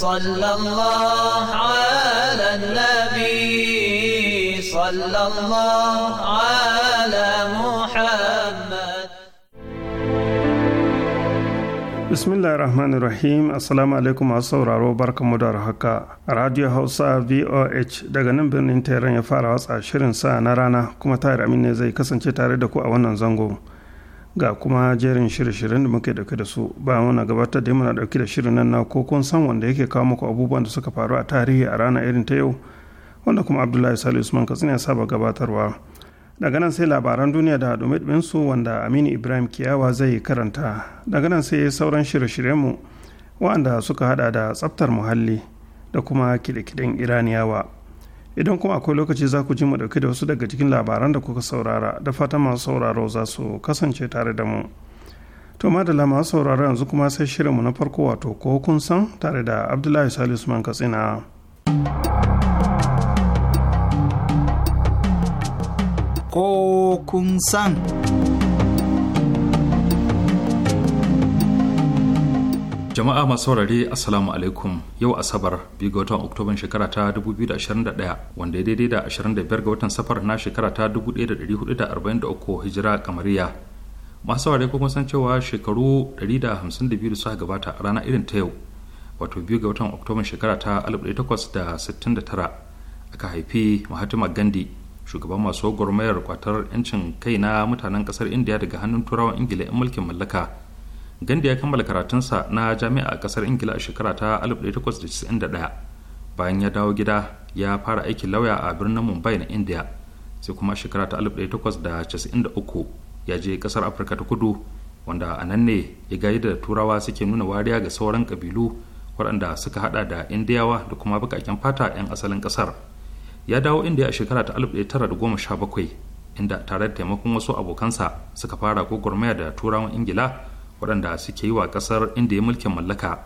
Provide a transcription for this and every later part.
صلى الله على النبي صلى الله على محمد بسم الله الرحمن da haka radio hausa voh daga nan birnin tehran ya fara watsa shirin sa na rana kuma Tahir amin ne zai kasance tare da ku a wannan zango ga kuma jerin shirye-shiryen da muke dauke da su ba muna gabatar da muna dauke da shirin nan na ko kun san wanda yake kawo muku abubuwan da suka faru a tarihi a rana irin ta yau wanda kuma abdullahi salisu usman katsina ya saba gabatarwa daga nan sai labaran duniya da domin su wanda aminu ibrahim kiyawa zai karanta daga nan sai sauran shirye mu waɗanda suka hada da tsaftar muhalli da kuma kide-kiden iraniyawa idan kuma akwai lokaci za ku ji mu dauke da wasu daga cikin labaran da kuka saurara da fata masu sauraro za su kasance tare da mu to madalla masu sauraro yanzu kuma sai shirinmu na farko wato ko kun san tare da abdullahi salisu man katsina ko kun san jama'a masu saurare assalamu alaikum yau asabar biyu ga watan oktoban shekara ta 2021 wanda ya daidai da 25 ga watan safar na shekara ta 1443 hijira kamariya masu saurare kuma san cewa shekaru 152 da suka gabata a rana irin ta yau wato biyu ga watan oktoban shekara ta 1869 aka haifi mahatma gandhi shugaban masu gwagwarmayar kwatar 'yancin kai na mutanen kasar india daga hannun turawan ingila 'yan mulkin mallaka gandi ya kammala karatunsa na jami'a a kasar ingila a shekara ta 1891 bayan ya dawo gida ya fara aikin lauya a birnin mumbai na india sai kuma a shekara ta 1893 ya je kasar afirka ta kudu wanda a nan ne ya gayi da turawa suke nuna wariya ga sauran kabilu waɗanda suka hada da indiyawa da kuma bakaken fata 'yan asalin kasar ya dawo india a shekara ta 1917 inda tare da taimakon wasu abokansa suka fara gwagwarmaya da turawan ingila waɗanda suke yi wa ƙasar inda ya mulkin mallaka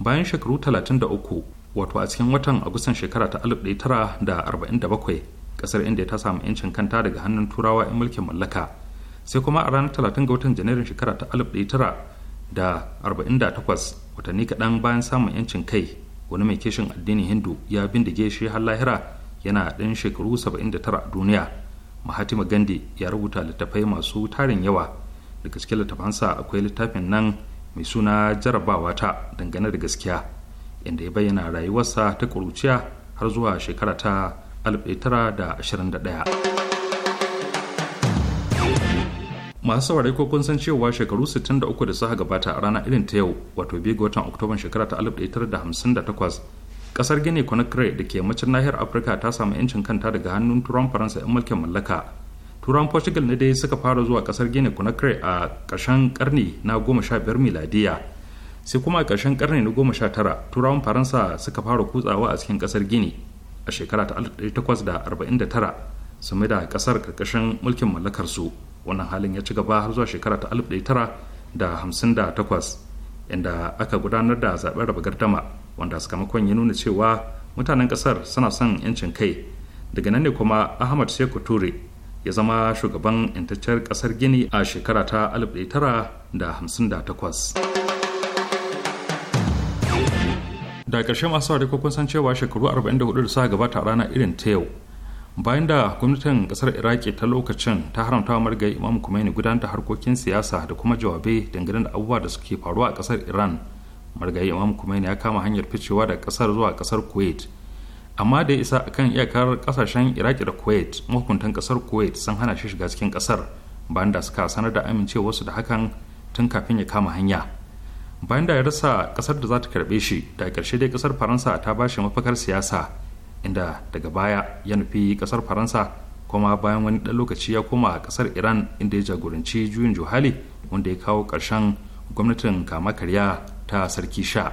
bayan shekaru 33 wato a cikin watan agustan shekara ta 1947 ƙasar inda ta samu 'yancin kanta daga hannun turawa 'yan mulkin mallaka sai kuma a ranar 30 ga watan janairun shekara ta 1948 watanni kaɗan bayan samun 'yancin kai wani mai kishin addinin hindu ya bindige shi har lahira yana ɗan shekaru 79 a duniya mahatima gandhi ya rubuta littattafai masu tarin yawa da cikin littafansa akwai littafin nan mai suna jarabawa ta dangane da gaskiya inda ya bayyana rayuwarsa ta kuruciya har zuwa shekara ta 1921 masu saurari ko kun san cewa shekaru 63 da suka gabata a rana irin ta yau wato biyu ga watan oktoban shekara ta 1958 kasar gini conakry da ke macin nahiyar afirka ta samu 'yancin kanta daga hannun turan faransa 'yan mulkin mallaka turan portugal ne dai suka fara zuwa kasar guinea conakry a ƙarshen karni na 15 miladiya sai kuma a ƙarshen karni na 19 turawan faransa suka fara kutsawa a cikin kasar guinea a shekara ta 1849 su mai da kasar ƙarƙashin mulkin mallakarsu wannan halin ya ci gaba har zuwa shekara ta 1958 inda aka gudanar da zaɓen raba gardama wanda sakamakon ya nuna cewa mutanen kasar suna son 'yancin kai daga nan ne kuma ahmad sheku ture ya zama shugaban 'yantaccen kasar gini a shekara ta 1958 da ƙarshe masu saurari ko kun san cewa shekaru 44 da suka gabata a ranar irin ta yau bayan da gwamnatin ƙasar iraki ta lokacin ta haramta wa marigayi imam kumaini gudanar da harkokin siyasa da kuma jawabai dangane da abubuwa da suke faruwa a ƙasar iran marigayi imam kumaini ya kama hanyar ficewa da kasar zuwa ƙasar kuwait amma da ya isa kan iyakar kasashen iraki da kuwait mahukuntan kasar kuwait sun hana shi shiga cikin kasar bayan da suka sanar da amincewarsu da hakan tun kafin ya kama hanya bayan da ya rasa kasar da za ta karbe shi da karshe dai kasar faransa ta ba shi mafakar siyasa inda daga baya ya nufi kasar faransa kuma bayan wani ɗan lokaci ya koma kasar iran inda ya jagoranci juyin juhali wanda ya kawo ƙarshen gwamnatin kama karya ta sarki sha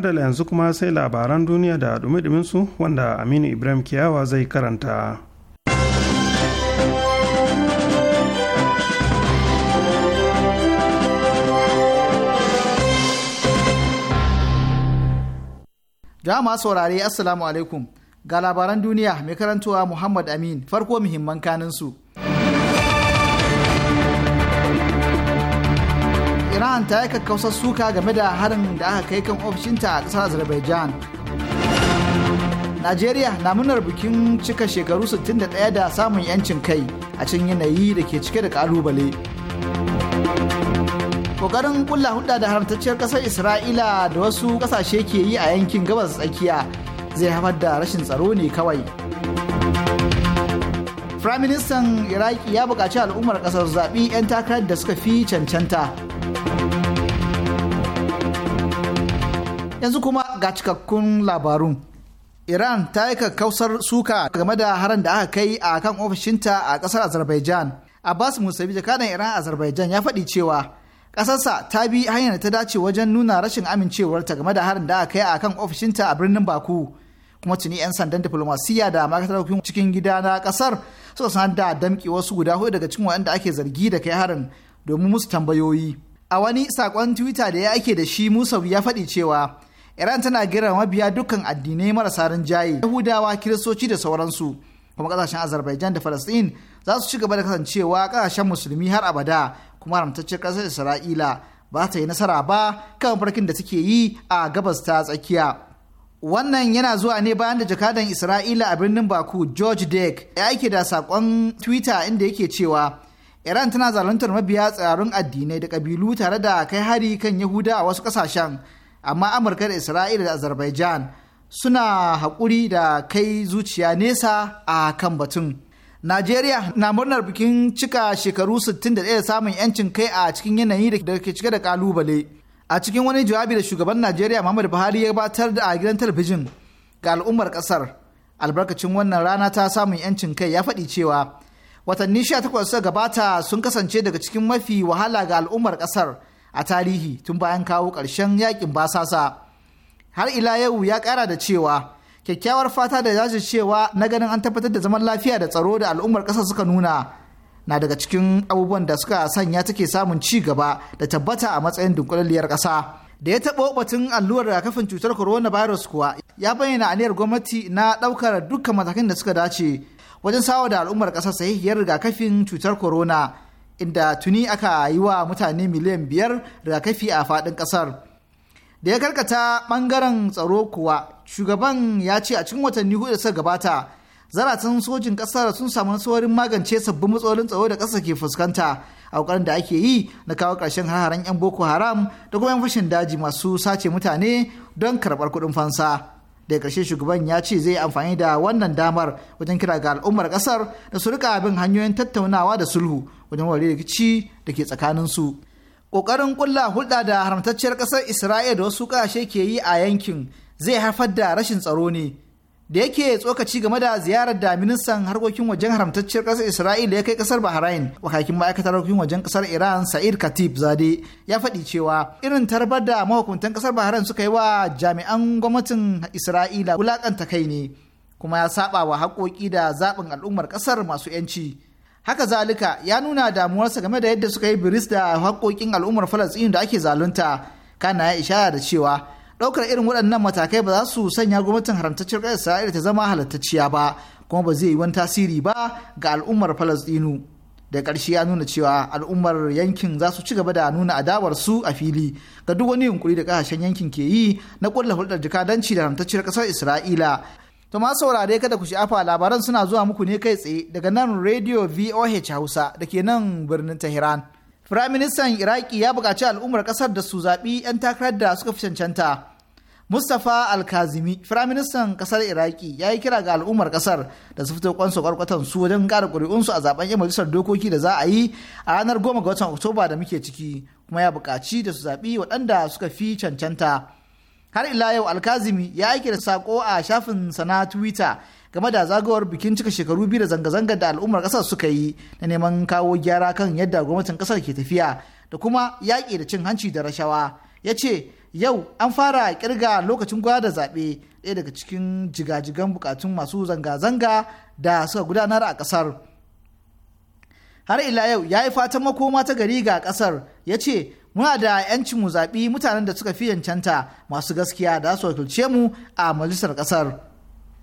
madala yanzu kuma sai labaran duniya da dumi su wanda aminu ibrahim kiyawa zai karanta jama'a saurare assalamu alaikum ga labaran duniya mai karantowa muhammad amin farko muhimman kaninsu iran ta yi kakkausar suka game da harin da aka kai kan ofishinta a kasar azerbaijan najeriya na munar bikin cika shekaru 61 da samun yancin kai a cikin yanayi da ke cike da ƙalubale kokarin kulla hulɗa da haramtacciyar ƙasar isra'ila da wasu ƙasashe ke yi a yankin gabas tsakiya zai haifar da rashin tsaro ne kawai firaministan iraki ya buƙaci al'ummar ƙasar zaɓi 'yan takarar da suka fi cancanta yanzu kuma ga cikakkun labarun iran ta yi kakkausar suka game da haran da aka kai a kan ofishinta a kasar azerbaijan abbas musabi jakadan iran azerbaijan ya faɗi cewa ƙasarsa ta bi hanyar ta dace wajen nuna rashin amincewar ta game da harin da aka kai a kan ofishinta a birnin baku kuma tuni 'yan sandan diplomasiyya da ma'aikatar cikin gida na kasar suka sanar da damƙi wasu guda hudu daga cikin waɗanda ake zargi da kai harin domin musu tambayoyi a wani sakon twitter da ya ake da shi musa ya faɗi cewa iran tana gira mabiya dukkan addinai marasa rinjaye yahudawa kiristoci da sauransu kuma kasashen azerbaijan da falastin za su ci gaba da kasancewa kasashen musulmi har abada kuma haramtaccen kasar isra'ila ba ta yi nasara ba kan farkin da suke yi a gabas ta tsakiya wannan yana zuwa ne bayan da jakadan isra'ila a birnin baku george dek ya aike da sakon twitter inda yake cewa iran tana zaluntar mabiya tsarin addinai da kabilu tare da kai hari kan yahuda a wasu kasashen. amma amurka da isra'ila da azerbaijan suna haƙuri da kai zuciya nesa a kan batun najeriya na murnar bikin cika shekaru 61 da samun yancin kai a cikin yanayi da ke cike da kalubale a cikin wani jawabi da shugaban najeriya muhammad buhari ya gabatar da a gidan talabijin ga al'ummar kasar albarkacin wannan rana ta samun yancin kai ya faɗi cewa watanni 18 suka gabata sun kasance daga cikin mafi wahala ga al'ummar kasar a tarihi tun bayan kawo ƙarshen yakin basasa har ila yau ya ƙara da cewa kyakkyawar fata da cewa na ganin an tabbatar da zaman lafiya da tsaro da al'ummar ƙasa suka nuna na daga cikin abubuwan da suka sanya take samun ci gaba da tabbata a matsayin dunkulalliyar ƙasa da ya taɓo batun allurar rigakafin cutar corona coronavirus kuwa ya bayyana aniyar gwamnati na ɗaukar dukkan matakan da suka dace wajen sawa da al'ummar ƙasa sahihiyar rigakafin cutar corona inda tuni aka yi wa mutane miliyan biyar rigakafi a faɗin ƙasar. Da ya karkata ɓangaren tsaro kuwa shugaban ya ce a cikin watanni hudu da suka gabata zaratan sojin ƙasar sun samu nasarorin magance sabbin matsalolin tsaro da ƙasa ke fuskanta a ƙoƙarin da ake yi na kawo ƙarshen har-haren 'yan boko haram da kuma 'yan fashin daji masu sace mutane don karɓar kuɗin fansa. daga ƙarshe shugaban ya ce zai amfani da wannan damar wajen kira ga al'ummar ƙasar da su rika bin hanyoyin tattaunawa da sulhu wajen wari rikici da ke tsakaninsu ƙoƙarin ƙulla hulɗa da haramtacciyar ƙasar isra'ila da wasu ƙasashe ke yi a yankin zai haifar da rashin tsaro ne da yake tsokaci game da ziyarar da ministan harkokin wajen haramtacciyar ƙasar isra'ila ya kai ƙasar bahrain wakakin ma'aikatar harkokin wajen ƙasar iran sa'id katib zade ya faɗi cewa irin tarbar da mahukuntan ƙasar bahrain suka yi wa jami'an gwamnatin isra'ila wulaƙanta kai ne kuma ya saba wa haƙoƙi da zaɓin al'ummar ƙasar masu 'yanci haka zalika ya nuna damuwarsa game da yadda suka yi biris da haƙoƙin al'ummar falasɗin da ake zalunta kana ya ishara da cewa ɗaukar irin waɗannan matakai ba za su sanya gwamnatin haramtacciyar ƙasar Isra'ila ta zama halattacciya ba kuma ba zai yi wani tasiri ba ga al'ummar Falastinu. Da ƙarshe ya nuna cewa al'ummar yankin za su ci gaba da nuna adawar su a fili ga duk wani yunkuri da ƙasashen yankin ke yi na ƙulla hulɗar jikadanci da haramtacciyar ƙasar Isra'ila. To ma saurare kada ku sha'afa labaran suna zuwa muku ne kai tsaye daga nan Radio VOH Hausa da ke nan birnin Tehran. Firaministan Iraki ya buƙaci al'ummar ƙasar da su zaɓi 'yan takarar da suka fi cancanta Mustapha Alkazimi, Firaministan kasar Iraki, ya yi kira ga al'ummar kasar da su fito kwansu kwarkwatan su wajen kara ƙuri'unsu a zaben yin majalisar dokoki da za a yi a ranar goma ga watan Oktoba da muke ciki, kuma ya buƙaci da su zaɓi waɗanda suka fi cancanta. Har ila yau Alkazimi ya yi da sako a shafin sana Twitter game da zagawar bikin cika shekaru biyu da zanga-zangar da al'ummar ƙasar suka yi na neman kawo gyara kan yadda gwamnatin ƙasar ke tafiya da kuma yaƙi da cin hanci da rashawa. Ya ce, yau an fara kirga lokacin gwada zaɓe ɗaya daga cikin jigajigan bukatun masu zanga-zanga da suka gudanar a ƙasar har ila yau ya yi fatan makoma ta gari ga ƙasar ya ce muna da 'yancin mu zaɓi mutanen da suka fi yancanta masu gaskiya da su wakilce mu a majalisar ƙasar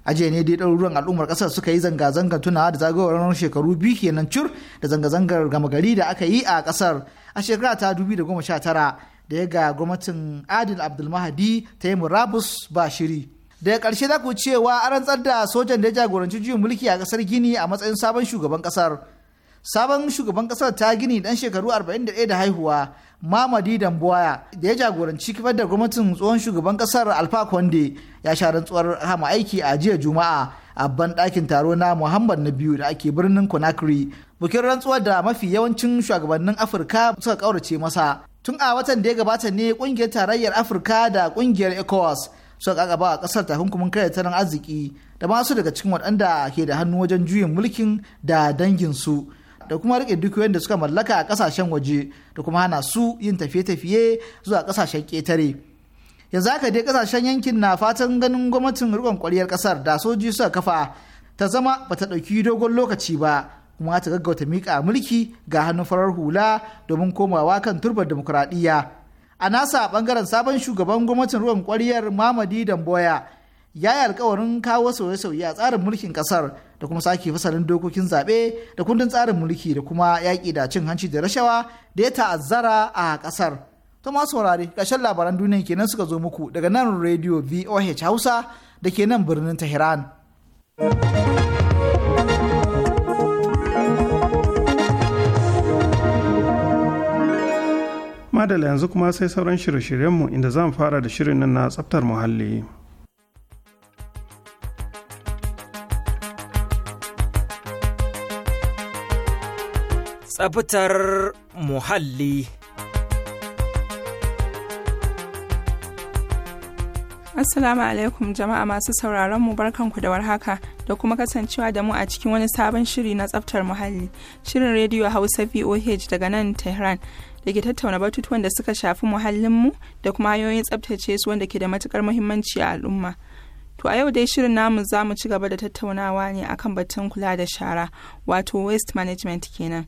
aje ne dai ɗaruruwan al'ummar ƙasar suka yi zanga-zangar tunawa da zagayowar ranar shekaru biyu kenan cur da zanga-zangar gama gari da aka yi a ƙasar a shekara ta tara. da ya ga gwamnatin adil abdulmahadi ta yi murabus ba shiri daga ƙarshe za ku cewa an rantsar da sojan da ya jagoranci juyin mulki a ƙasar gini a matsayin sabon shugaban ƙasar sabon shugaban ƙasar ta gini dan shekaru 41 da haihuwa mamadi dambuwaya da ya jagoranci kifar da gwamnatin tsohon shugaban ƙasar alfa konde ya sha rantsuwar hama aiki a jiya juma'a a ban ɗakin taro na muhammad na biyu da ake birnin conakry bukin rantsuwar da mafi yawancin shugabannin afirka suka ƙaurace masa tun a watan da ya gabata ne kungiyar tarayyar afirka da kungiyar ecowas suka kakaba a kasar takunkumin kare tattalin arziki da masu daga cikin waɗanda ke da hannu wajen juyin mulkin da danginsu da kuma rike duk da suka mallaka a kasashen waje da kuma hana su yin tafiye-tafiye zuwa kasashen ketare yanzu haka dai kasashen yankin na fatan ganin gwamnatin rikon ƙwariyar kasar da soji suka kafa ta zama bata ɗauki dogon lokaci ba kuma ta gaggauta miƙa mulki ga hannun farar hula domin komawa kan turbar demokuraɗiyya. A nasa ɓangaren sabon shugaban gwamnatin ruwan ƙwariyar Mamadi Damboya ya yi alkawarin kawo sauye-sauye a tsarin mulkin ƙasar da kuma sake fasalin dokokin zaɓe da kundin tsarin mulki da kuma yaƙi da cin hanci da rashawa da ya ta'azzara a ƙasar. To ma saurare ƙarshen labaran duniya kenan suka zo muku daga nan rediyo VOH Hausa da ke nan birnin Tehran. madala yanzu kuma sai sauran shirye-shiryenmu inda zan fara da shirin nan na tsaftar muhalli. Tsaftar muhalli Assalamu alaikum jama'a masu sauraron mu barkanku da warhaka da kuma kasancewa da mu a cikin wani sabon shiri na tsaftar muhalli. Shirin rediyo Hausa VOH daga nan Tehran. da ke tattauna batutuwan da suka shafi muhallinmu da kuma hanyoyin tsabtace su wanda ke da matukar muhimmanci a al'umma. To a yau dai shirin namu za mu ci gaba da tattaunawa ne akan batun kula da shara wato waste management kenan.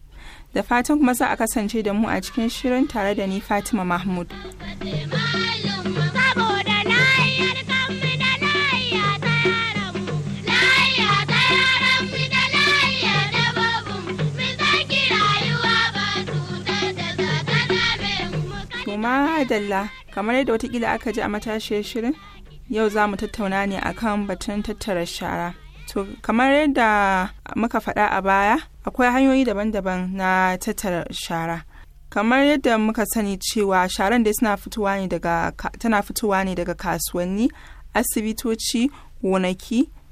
Da fatan kuma za a kasance da mu a cikin shirin tare da ni Fatima Mahmud. To madalla kamar yadda watakila aka ji a matashiyar shirin yau za mu tattauna ne akan batun tattara shara. To kamar yadda muka faɗa a baya akwai hanyoyi daban-daban na tattara shara. Kamar yadda muka sani cewa sharan dai tana fitowa ne daga kasuwanni, asibitoci, gonaki,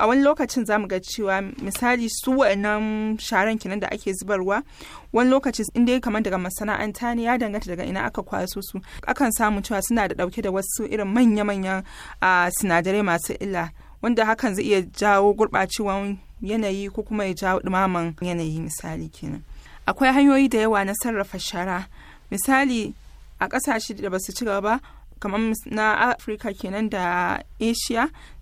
a wani lokacin zamu ga cewa misali su wa'annan sharan kenan da ake zubarwa wani lokacin in dai kamar daga masana'anta ne ya danganta daga ina aka kwaso su akan samu cewa suna da dauke da wasu irin manya-manyan sinadarai masu illa wanda hakan zai iya jawo gurɓacewan yanayi ko kuma ya jawo ɗumaman yanayi misali kenan akwai hanyoyi da yawa na sarrafa shara misali a ƙasashe da basu ci gaba kamar na afirka kenan da asia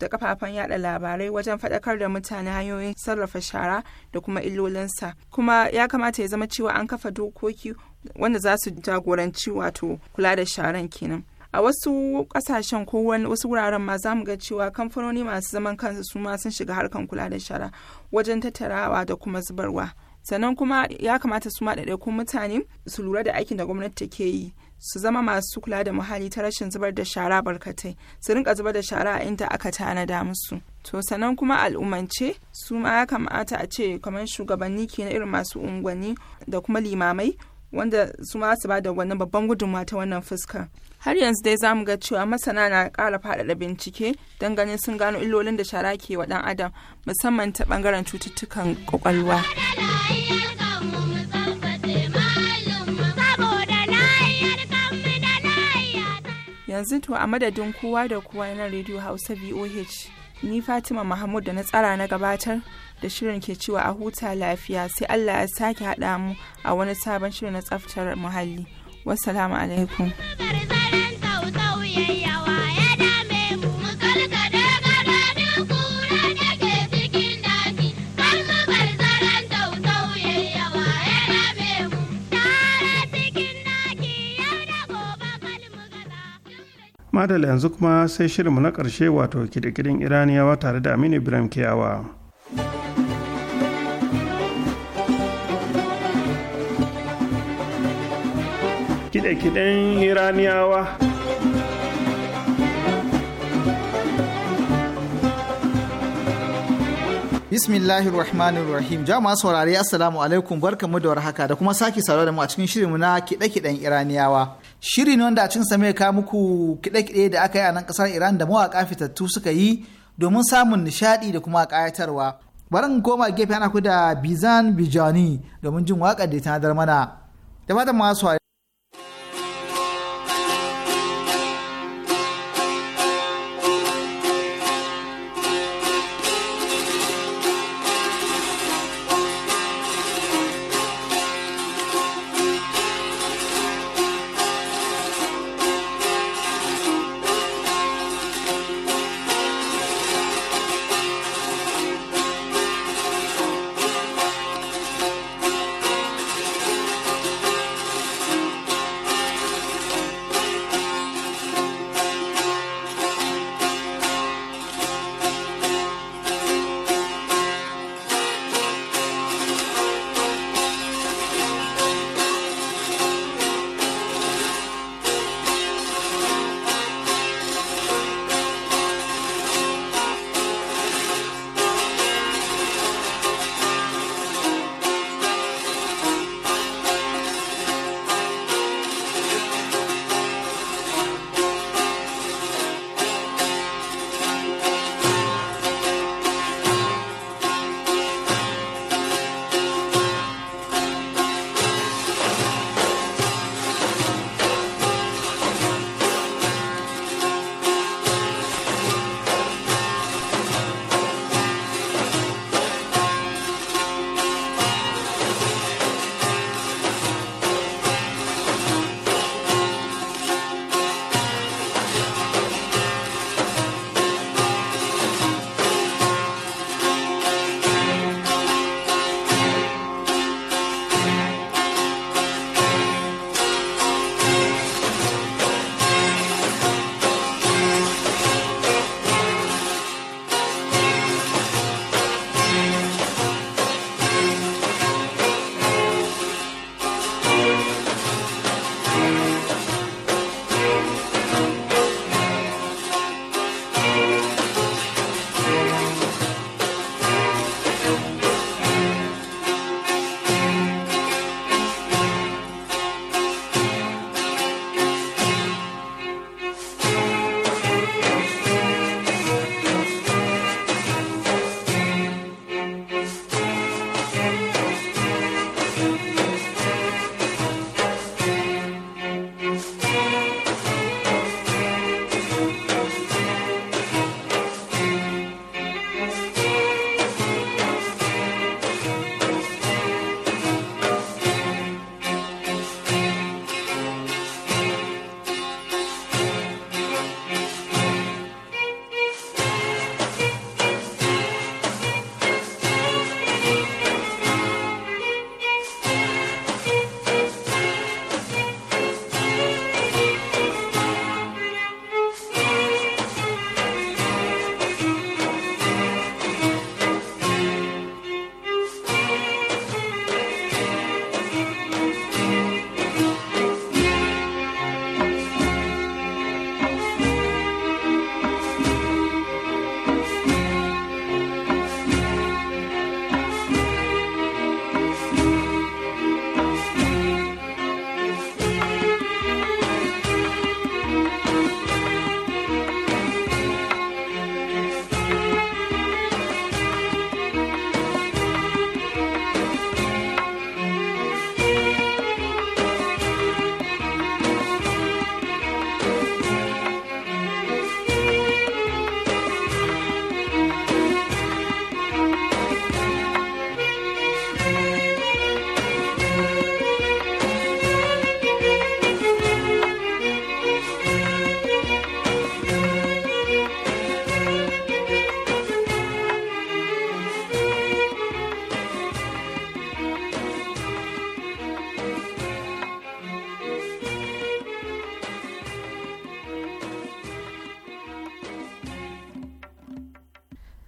da kafafen yada labarai wajen faɗakar da mutane hanyoyin sarrafa shara da kuma illolinsa kuma ya kamata ya zama cewa an kafa dokoki wanda za su jagoranci wato kula da sharan kenan a wasu kasashen ko wasu wuraren ma za mu ga cewa kamfanoni masu zaman kansu su ma sun shiga harkan kula da shara wajen tattarawa da kuma zubarwa sannan kuma ya kamata su maɗaɗaikun mutane su lura da aikin da gwamnati take yi su zama masu kula da muhalli ta rashin zubar da shara barkatai su rinka zubar da shara a inda aka tanada musu to sannan kuma al'umance su ma ya kamata a ce kamar shugabanni ke na irin masu unguwanni da kuma limamai wanda su ma su da wannan babban gudunma ta wannan fuska. har yanzu dai zamu ga cewa masana na ƙara faɗaɗa bincike don ganin sun gano illolin da shara ke wa ɗan adam musamman ta ɓangaren cututtukan ƙwaƙwalwa. yanzu to a madadin kowa da kowa na rediyo hausa voh ni fatima mahmud da na tsara na gabatar da shirin ke cewa a huta lafiya sai Allah ya sake haɗa mu a wani sabon shirin na tsaftar muhalli. Wassalamu alaikum. madala yanzu kuma sai shirinmu na karshe wato kidikidin iraniyawa tare da aminu ibrahim kiyawa. kide-kiden iraniyawa bismillahir rahmanir rahim jama'a saurari assalamu alaikum barkamu da warhaka da kuma sake saurare da mu a cikin shirinmu na kiɗe-kiɗen iraniyawa shiri ne wanda a cikin same ka muku kiɗe-kiɗe da aka yi a nan ƙasar iran da mawaka fitattu suka yi domin samun nishadi da kuma kayatarwa bari in koma gefe ana ku da bizan bijani domin jin waƙar da ta mana da fatan masu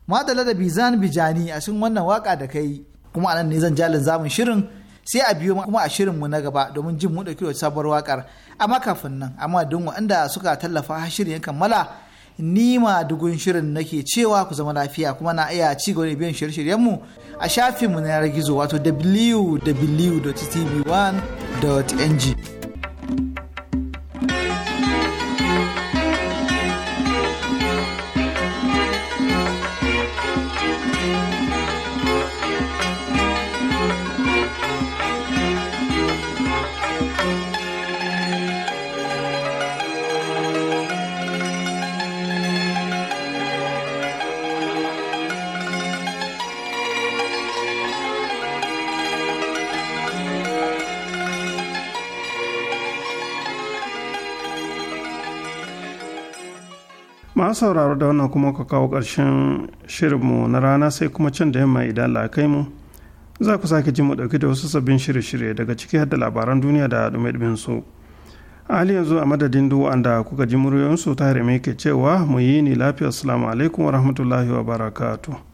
madala da bizan bijani a cikin wannan waka da kai kuma anan ne zan jalin zamun shirin sai a biyo kuma a mu na gaba domin jin mu dauki wata sabuwar wakar amma kafin nan amma don waɗanda suka tallafa shirin ya kammala ni ma dugun shirin nake cewa ku zama lafiya kuma na iya ci gaba da biyan shirye mu a shafinmu na yanar gizo wato www.tv1.ng sauraro da wannan kuma ka kawo ƙarshen shirinmu na rana sai kuma can da yamma idan lakai kai mu za ku sake ji mu ɗauki da wasu sabbin shirye-shirye daga ciki har da labaran duniya da ɗume su a hali yanzu a madadin duk wanda kuka ji muryoyinsu ta mai ke cewa mu yi ni lafiya assalamu alaikum wa rahmatullahi wa barakatuh